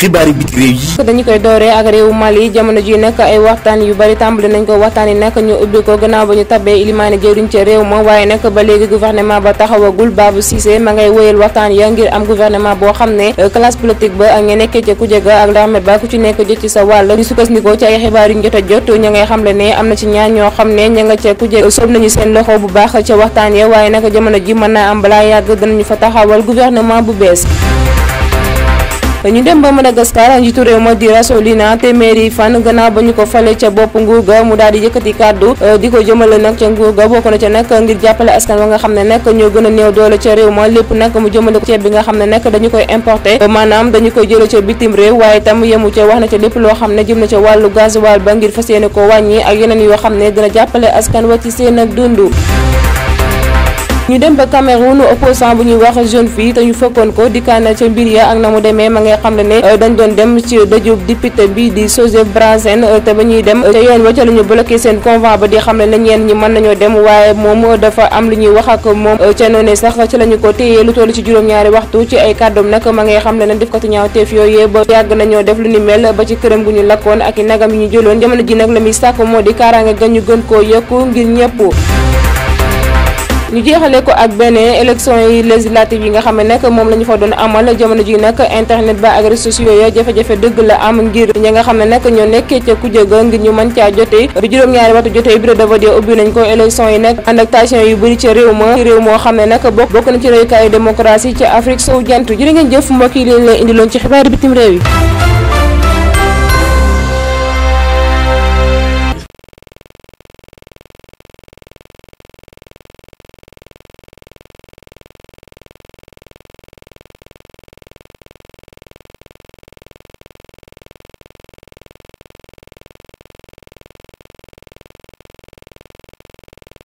xibaari biti dañu koy dooree ak réewu Mali jamono ji nag ay waxtaan yu bari tàmbali nañ ko waxtaan yi nag ñu ubbi ko gannaaw ba ñu tabee ilimaane jëriñ ca réew ma waaye nag ba léegi gouvernement ba taxawagul Babou Cissé ma ngay wëyal waxtaan ya ngir am guvernement boo xam ne euh, classe politique ba ak ñi nekkee ca kujje ga ak l'armée ba ku ci nekk jot ci sa wàll ñu sukkandikoo ci ay xibaar yuñ jot a jot ña ngay xam le ne am na ci ñaar ñoo xam ne ña nga ca kujje soob nañu seen loxo bu baax ca waxtaan ya waaye nag jamono ji mën naa am balaa yàgg danañu fa taxawal gouvernement bu bees dañu dem ba Madagascar njiitu réew ma di Rasolina téeméeri fan gannaaw ba ñu ko falee ca bopp nguur ga mu daal di yëkkati kàddu euh, di ko jëmale nag ca nguur ga bokk na ca nag ngir jàppale askan wa nga xam ne nag ñoo gën a néew doole ca réew ma lépp nag mu jëmale ko ceeb bi nga xam ne nekk dañu koy importé euh, maanaam dañu ko jële ca bitim réew waaye tam yemu ca wax na ca lépp loo xam ne jëm na ca wàllu gasoil ba ngir fa yéene ko wàññi ak yeneen yoo xam ne dina jàppale askan wa ci seen ak dund ñu dem ba Cameroun opposant bu ñuy wax jeune fille te ñu fëkkoon ko dikkaan na ca mbir ya ak na mu demee ma ngay xam ne ne euh, dañ doon dem ci dëjub député bi di Joseph Brazen euh, te ba ñuy dem te euh, yoon wa ca la ñu bloqué seen convoi ba di xam ne ne ñeen ñi mën nañoo dem waaye moom dafa am lu ñuy wax ak moom ca noonee sax ci la ñu ko téyee lu toll ci juróom-ñaari waxtu ci ay kàddu nag ma ngay xam ne ne def ko ñaaw teef yooyee ba yàgg nañoo def lu ni mel ba ci këram gu ñu lakkoon ak nagam yi ñu jëloon jamono ji nag la muy sàkk moo di kaaraange ñu gën koo yokku ngir ñëpp ñu jeexale ko ak benn élection yi législative yi nga xam ne nag moom la ñu fa doon amal jamono ji nag internet ba ak réseaux sociaux ya jafe-jafe dëgg la am ngir ñi nga xam ne nag ñoo nekkee ca ku jëga ngir ñu mën caa jotee bi juróom-ñaari waxtu jote bureau de vote yi ubbi nañ ko élection yi nag ànd yu bëri ca réew ma réew moo xam ne nag bokk na ci royukaayu démocratie ci Afrique sowu jant jërë ngeen jëf mbokk yi leen leen indiloon ci xibaar bitim réew yi